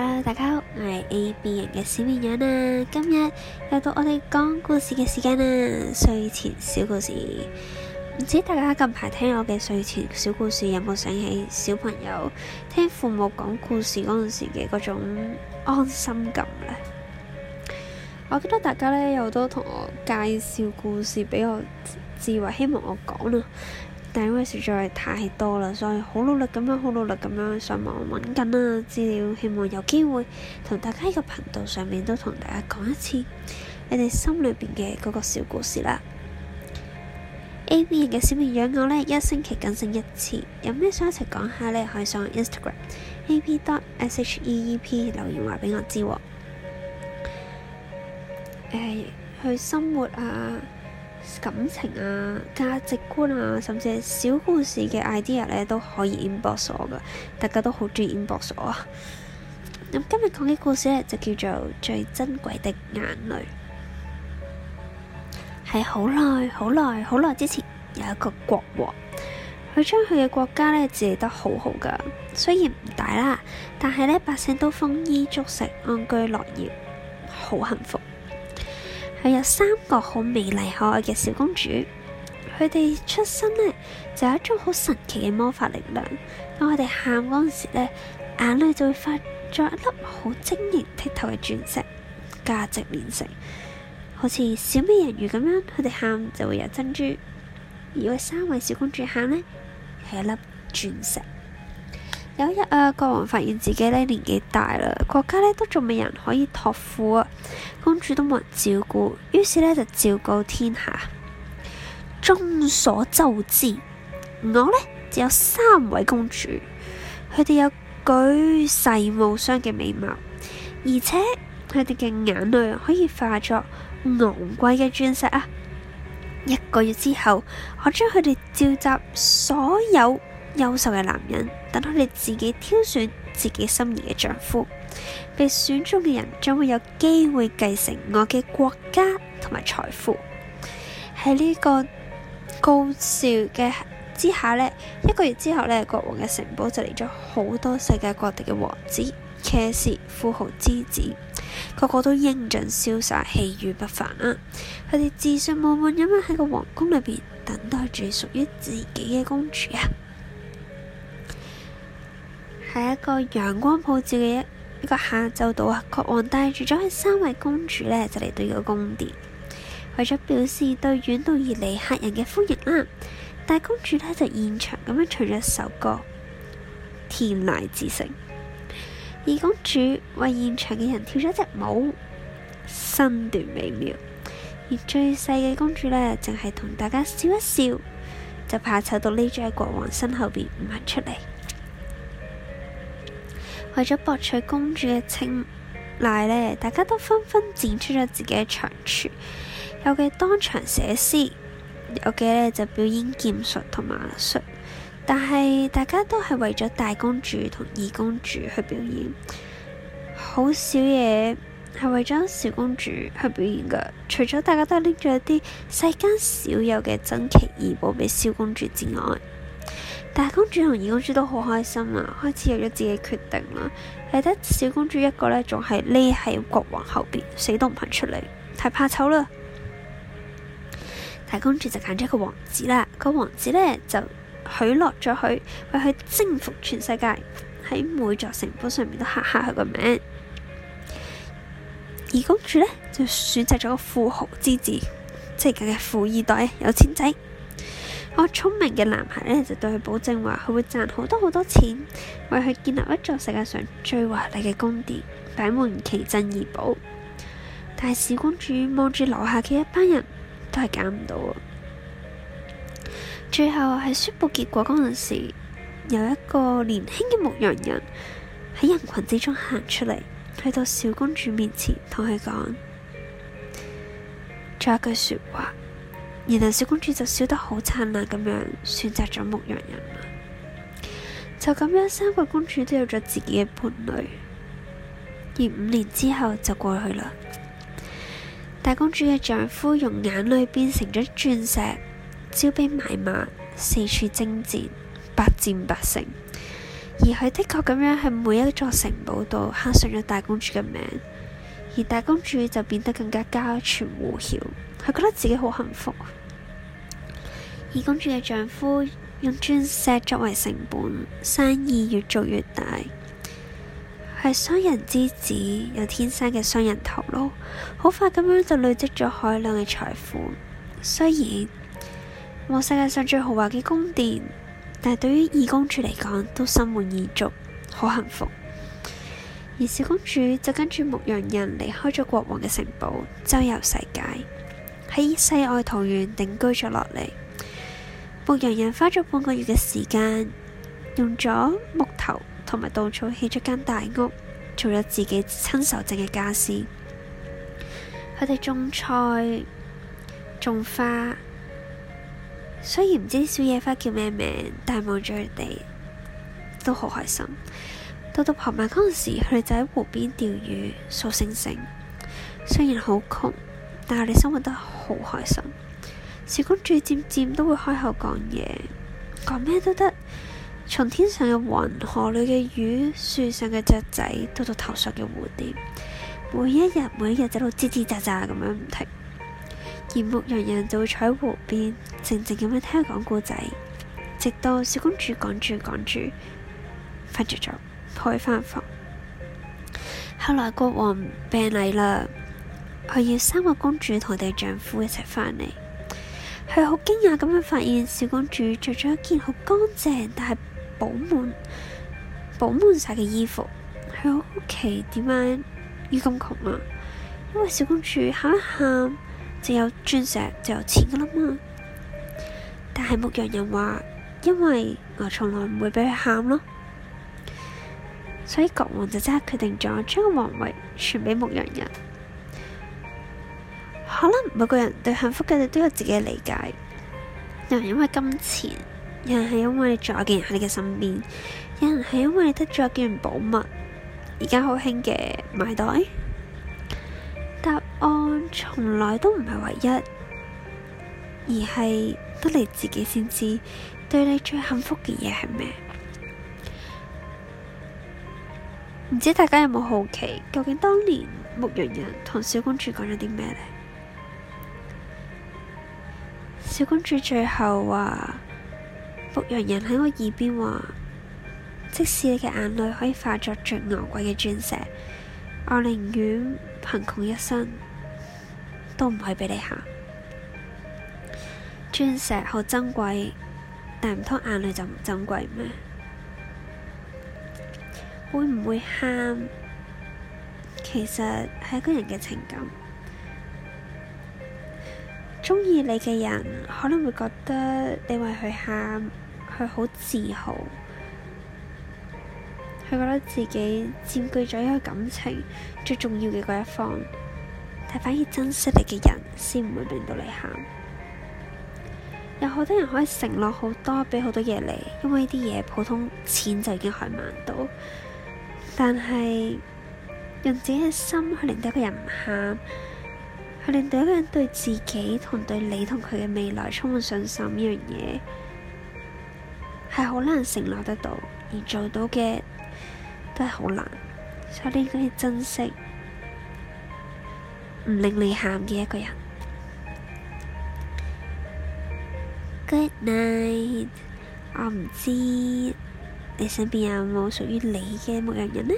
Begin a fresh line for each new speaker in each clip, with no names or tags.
哈，Hello, 大家好，我係 AB 型嘅小綿羊啊，今日又到我哋講故事嘅時間啦，睡前小故事。唔知大家近排聽我嘅睡前小故事有冇醒起小朋友聽父母講故事嗰陣時嘅嗰種安心感呢？我記得大家呢，有好多同我介紹故事俾我智慧，希望我講啦。但因為實在太多啦，所以好努力咁樣，好努力咁樣上網揾緊啊資料，希望有機會同大家喺個頻道上面都同大家講一次你哋心裏邊嘅嗰個小故事啦。A B 型嘅小綿羊我呢，一星期更新一次，有咩想一齊講下呢？可以上 Instagram a p dot s h e e p 留言話俾我知。誒、呃，去生活啊！感情啊，價值觀啊，甚至小故事嘅 idea 咧都可以 inbox 我噶，大家都好中意 inbox 我啊。咁 今日講嘅故事咧就叫做最珍貴的眼淚。係好耐好耐好耐之前，有一個國王，佢將佢嘅國家咧治理得好好噶，雖然唔大啦，但係咧百姓都豐衣足食，安居樂業，好幸福。佢有三個好美麗可愛嘅小公主，佢哋出生呢，就有一種好神奇嘅魔法力量。當佢哋喊嗰陣時呢，眼淚就會發咗一粒好晶瑩剔透嘅鑽石，價值連城。好似小美人魚咁樣，佢哋喊就會有珍珠；而果三位小公主喊呢，係一粒鑽石。有一日啊，國王發現自己呢年紀大啦，國家呢都仲未人可以托付啊，公主都冇人照顧，於是呢就昭告天下。眾所周知，我呢就有三位公主，佢哋有舉世無雙嘅美貌，而且佢哋嘅眼淚可以化作昂貴嘅鑽石啊。一個月之後，我將佢哋召集所有優秀嘅男人。等佢哋自己挑選自己心儀嘅丈夫，被選中嘅人將會有機會繼承我嘅國家同埋財富。喺呢個高笑嘅之下呢，一個月之後呢，國王嘅城堡就嚟咗好多世界各地嘅王子、騎士、富豪之子，個個都英俊瀟灑、氣宇不凡啊！佢哋自信滿滿咁樣喺個皇宮裏邊等待住屬於自己嘅公主啊！喺一個陽光普照嘅一一個下晝度啊，國王帶住咗三位公主呢，就嚟到呢個宮殿，為咗表示對遠道而嚟客人嘅歡迎啦。大公主呢，就現場咁樣唱咗一首歌《天籟之聲》，二公主為現場嘅人跳咗一隻舞，身段美妙。而最細嘅公主呢，淨係同大家笑一笑，就怕醜到匿咗喺國王身後邊唔肯出嚟。為咗博取公主嘅青睞呢，大家都紛紛展出咗自己嘅長處，有嘅當場寫詩，有嘅呢就表演劍術同馬術。但係大家都係為咗大公主同二公主去表演，好少嘢係為咗小公主去表演噶。除咗大家都拎咗一啲世間少有嘅珍奇異寶俾小公主之外。大公主同二公主都好開心啊，開始有咗自己決定啦。係得小公主一個呢，仲係匿喺國王後邊，死都唔肯出嚟，太怕醜啦。大公主就揀咗一個王子啦，個王子呢，就許諾咗佢，為佢征服全世界，喺每座城堡上面都刻下佢個名。二公主呢，就選擇咗個富豪之子，即係佢嘅富二代，有錢仔。我聰明嘅男孩呢，就對佢保證話，佢會賺好多好多錢，為佢建立一座世界上最華麗嘅宮殿，擺滿奇珍異寶。但係小公主望住樓下嘅一班人都係揀唔到啊！最後喺宣布結果嗰陣時，有一個年輕嘅牧羊人喺人群之中行出嚟，去到小公主面前同佢講咗一句說話。然後小公主就笑得好燦爛咁樣，選擇咗牧羊人。就咁樣，三個公主都有咗自己嘅伴侶。而五年之後就過去啦。大公主嘅丈夫用眼淚變成咗鑽石，招兵買馬，四處征戰，百戰百勝。而佢的確咁樣喺每一座城堡度刻上咗大公主嘅名。而大公主就變得更加家傳戶曉，佢覺得自己好幸福。二公主嘅丈夫用鑽石作為成本，生意越做越大。係商人之子，有天生嘅商人頭腦，好快咁樣就累積咗海量嘅財富。雖然冇世界上最豪華嘅宮殿，但係對於二公主嚟講都心滿意足，好幸福。而小公主就跟住牧羊人離開咗國王嘅城堡，周遊世界，喺世外桃源定居咗落嚟。牧羊人花咗半個月嘅時間，用咗木頭同埋稻草起咗間大屋，做咗自己親手整嘅家私。佢哋種菜、種花，雖然唔知小野花叫咩名，但係望住佢哋都好開心。到到傍晚嗰陣時，佢哋就喺湖邊釣魚、數星星。雖然好窮，但係佢哋生活得好開心。小公主漸漸都會開口講嘢，講咩都得，從天上嘅雲、河裏嘅魚、樹上嘅雀仔，到到頭上嘅蝴蝶，每一日每一日喺度嘰嘰喳喳咁樣唔停。而牧羊人就會坐喺湖邊靜靜咁樣聽佢講故仔，直到小公主講住講住瞓着咗，開返房。後來國王病危啦，佢要三個公主同佢哋丈夫一齊返嚟。佢好驚訝咁樣發現小公主着咗一件好乾淨但係補滿補滿晒嘅衣服，佢好奇點解要咁窮啊？因為小公主喊一喊就有鑽石就有錢噶啦嘛，但係牧羊人話，因為我從來唔會畀佢喊咯，所以國王就即刻決定咗將皇位傳俾牧羊人。可能每個人對幸福嘅嘢都有自己嘅理解。有人因為金錢，有人係因為你仲有嘅人喺你嘅身邊，有人係因為你得咗一件寶物。而家好興嘅買袋，答案從來都唔係唯一，而係得你自己先知。對你最幸福嘅嘢係咩？唔知大家有冇好奇，究竟當年牧羊人同小公主講咗啲咩呢？小公主最後話啊：牧羊人喺我耳邊話，即使你嘅眼淚可以化作最昂貴嘅鑽石，我寧願貧窮一生，都唔可以俾你喊。鑽石好珍貴，但唔通眼淚就唔珍貴咩？會唔會喊？其實係一個人嘅情感。鍾意你嘅人可能會覺得你為佢喊，佢好自豪，佢覺得自己佔據咗一個感情最重要嘅嗰一方。但反而珍惜你嘅人先唔會令到你喊。有好多人可以承諾好多，俾好多嘢你，因為呢啲嘢普通錢就已經可以買到。但係用自己嘅心去令到一個人唔喊。令到一個人對自己同對你同佢嘅未來充滿信心呢樣嘢，係好難承諾得到，而做到嘅都係好難，所以應該要珍惜唔令你喊嘅一個人。Good night，我唔知你身邊有冇屬於你嘅牧羊人呢？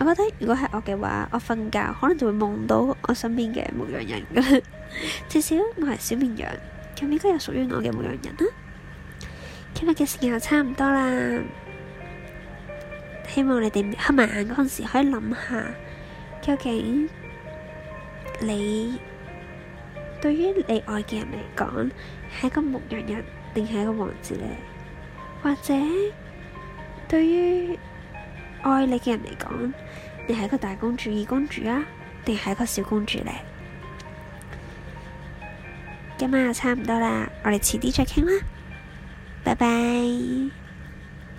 我覺得如果係我嘅話，我瞓覺可能就會夢到我身邊嘅牧羊人噶啦。 至少我係小綿羊，咁應該有屬於我嘅牧羊人啦。今日嘅時間差唔多啦，希望你哋瞌埋眼嗰陣時可以諗下，究竟你對於你愛嘅人嚟講係一個牧羊人定係一個王子咧？或者對於？愛你嘅人嚟講，你係一個大公主、二公主啊，定係一個小公主咧？今晚就差唔多啦，我哋遲啲再傾啦，拜拜。